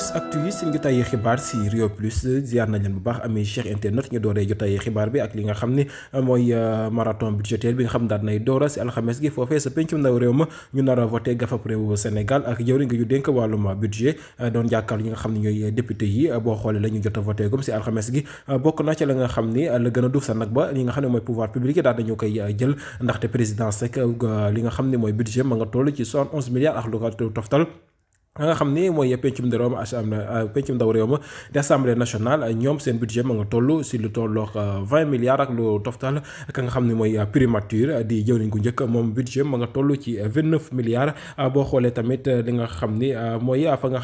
Plus Actu yi seen xibaar si Rio Plus ziar baax amee cheikh internet ñu dooree jotaayu xibaar bi ak li nga xam ne euh, mooy euh, marathon budgétaire bi nga xam daan nay doora si alxames gi foofee sa pencum ndaw réew ma ñu a voté gafap réew Sénégal ak jëwriñ ngi ñu dénk wàllum euh, doon jàkkaarloo ñi nga xam ne ñooy député yi boo xoolee la ñu jot a voté gum si alxames gi bokk na ci la nga xam ni la gën a duuf sa nag ba li nga xam ne mooy pouvoir public yi daal dañu koy jël ndaxte président Seck li nga xam ne mooy budget ma nga toll ci 71 milliards ak lu ko toftal nga xam ni mooy pencum ndaw réew ma euh, pencum ndaw réew ma di assemblée nationale ñoom seen budget ma nga toll si lu tollook euh, vingt milliards ak lu toftal ka nga xam ne mooy li nga xam ni mooy fa nga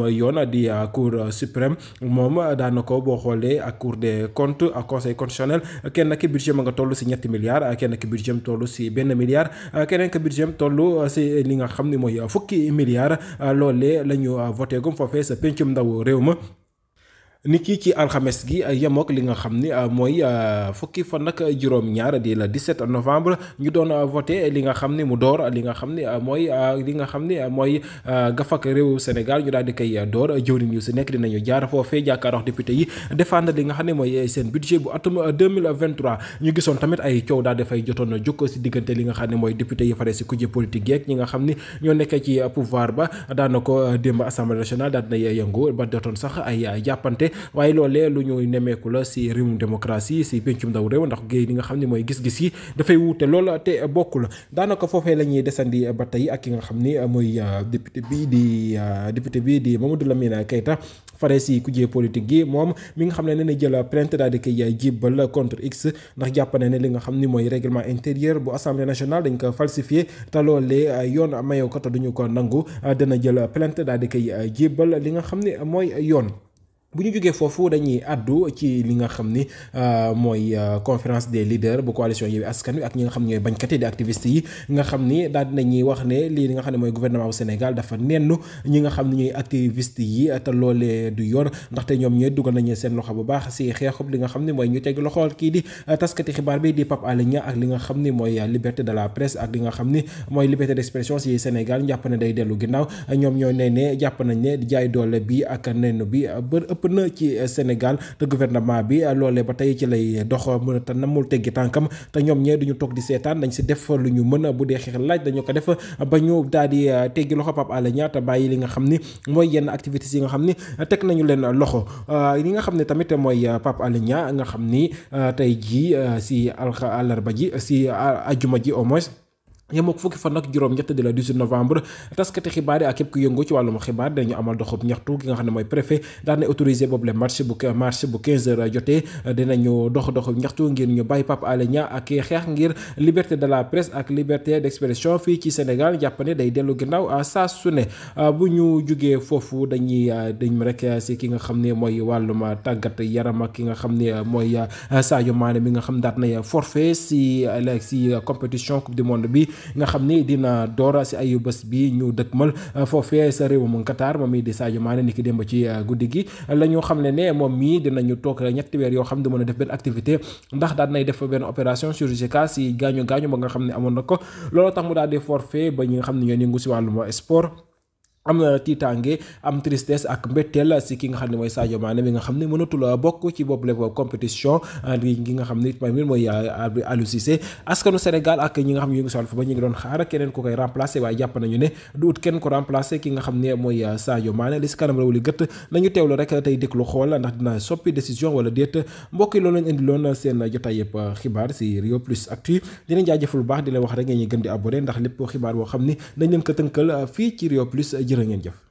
ma yoon di euh, cour suprême moom daanaka boo xoolee ak cour des comptes ak conseil constitutionnel kenn ki budget a nga toll si ñetti milliards kenn ki budget am toll si benn milliard keneen ki budget am toll si li nga xam ni mooy fukki milliards loolee la ñu voté gum foofee sa pencum ndaw réew ma nit kii ci alxames gi yemook li nga xam ni euh, mooy euh, fukki fan nag juróom-ñaar di la 17 novembre ñu doon euh, voté li nga xam ni mu door li nga xam ni mooy li nga xam ni mooy gafak réewu Sénégal ñu daal di koy door jëwriñ yu si nekk dinañu jaar foofee jàkkaarox député yi défendre nga xam ne mooy seen budget bu atum 2023 ñu gisoon tamit ay coow daa dafay jotoon jukk si diggante li nga xam ne mooy député yi fare si kujje politique yeeg ñi nga xam ni ñoo nekkee ci pouvoir ba daana ko démb assemblée nationale daal dina yëngu ba jotoon sax ay jàppante jàppale waaye loolee lu ñuy nemeeku la si réewum démocratie si péncum ndaw réew ndax géey li nga xam ne mooy gis-gis yi dafay wuute lool te la daanaka foofee la ñuy desandi ba tey ak ki nga xam ni mooy euh, député bi di euh, député bi di Mamadou Lamine Keita fare si kujjee politique yi moom mi nga xam ne ne jël plainte daal di koy jibbal contre x ndax jàpp na ne li nga xam ni mooy règlement intérieur bu assemblée nationale dañ ko falsifié te loolee euh, yoon mayoo ko te duñu ko nangu dana jël plainte daal di koy jibbal li nga xam ne mooy yoon bu ñu jógee foofu dañuy àddu ci li nga xam ni euh, mooy euh, conférence des leaders bu coalition Yewwi Askan Wi ak ñi nga xam ñooy bañkat yi di activistes yi nga xam ni daal dinañuy wax ne lii li nga xam ne mooy gouvernement bu Sénégal dafa nenn nga xam ne ñooy activistes yi te loolee du yoon ndaxte ñoom ñooy dugal nañu seen loxo bu baax si xeexub li nga xam ne mooy ñu teg loxo kii di euh, taskati xibaar bi di Pape Alé Niang ak li nga xam ni mooy liberté de la presse nga xam ni mooy liberté d'expression si Sénégal jàpp ne day dellu ginnaaw ñoom ñoo nee ne jàpp nañ ne jaay doole bi ak nenn bi bër ëpp na ci eh, Sénégal te gouvernement bi eh, loole ba tey ci lay dox mën a te namul teggi tànkam te ñoom ñee duñu toog di seetaan dañ si def lu ñu mën bu dee xeex laaj dañu ko def ba ñu daal di eh, teggi loxo Pape Alé Niang te bàyyi li nga xam ni mooy yenn activités yi nga xam ni teg nañu leen loxo li nga xam ne tamit mooy Pape Alé Niang nga xam ni tey jii si alxa àllarba ji si ajuma ji au moins yemoo fukki fan ak juróom ñett di la 18 novembre taskati xibaar yi ak képp ku yëngu ci wàllum xibaar dañu amal doxub ñaxtu gi nga xam ne mooy préfet daan na autorisé boobule marche bu marche bu 15 heures jotee dinañu dox doxub ñaxtu ngir ñu bàyyi Pape Alé Niang ak xeex ngir liberté de la presse ak liberté d'expression fii ci Sénégal jàpp day dellu ginnaaw ah, saa su ne ah, bu ñu jógee foofu dañuy ah, dañ rek si ki nga xam ne mooy wàllum tàggat yaram ak ki nga xam ne mooy Sadio Mané bi nga xam daat na forfait si si compétition coupe du monde bi nga xam ni dina door si ayu bës bi ñu dëkkmal uh, foofee sa réewum Qatar moom mii di Sadio Mané ni ki démb ci uh, guddi gi la ñu xam ne ne moom mii dinañu toog ñetti weer yoo xam du mën def benn activité ndax daan nay def benn opération chirurgicale si gaañu gaañu ba nga xam ne amoon na ko loolu tax mu daal di forfait ba ñu nga xam ne ñoo yëngu si wàllum sport am na tiitaange am tristesse ak mbetteel si ki nga xam ne mooy Sadio maane mi nga xam ne mënatul bokk ci boobu lépp compétition gi ah, nga xam ne it mooy ah, Aliou Cissé askanu Sénégal ak ñi nga xam ne ñu ngi soxla football ñu ngi doon xaar keneen ku koy remplacer waaye jàpp nañu ne kenn ko remplacer ki nga xam ne mooy ah, Sadio Mané li si kanam réew li gët nañu teewlu rek tey déglu xool ndax dina soppi décision wala déet mbokk yi loolu lañ indiloon seen jotaay yëpp xibaar si Rio Plus Actu dinañ jaajëfal baax di leen wax rek ngeen ñuy gën di abonné ndax lépp xibaar boo xam ne dañ leen ko tënkal fii jërë ngeen jëf.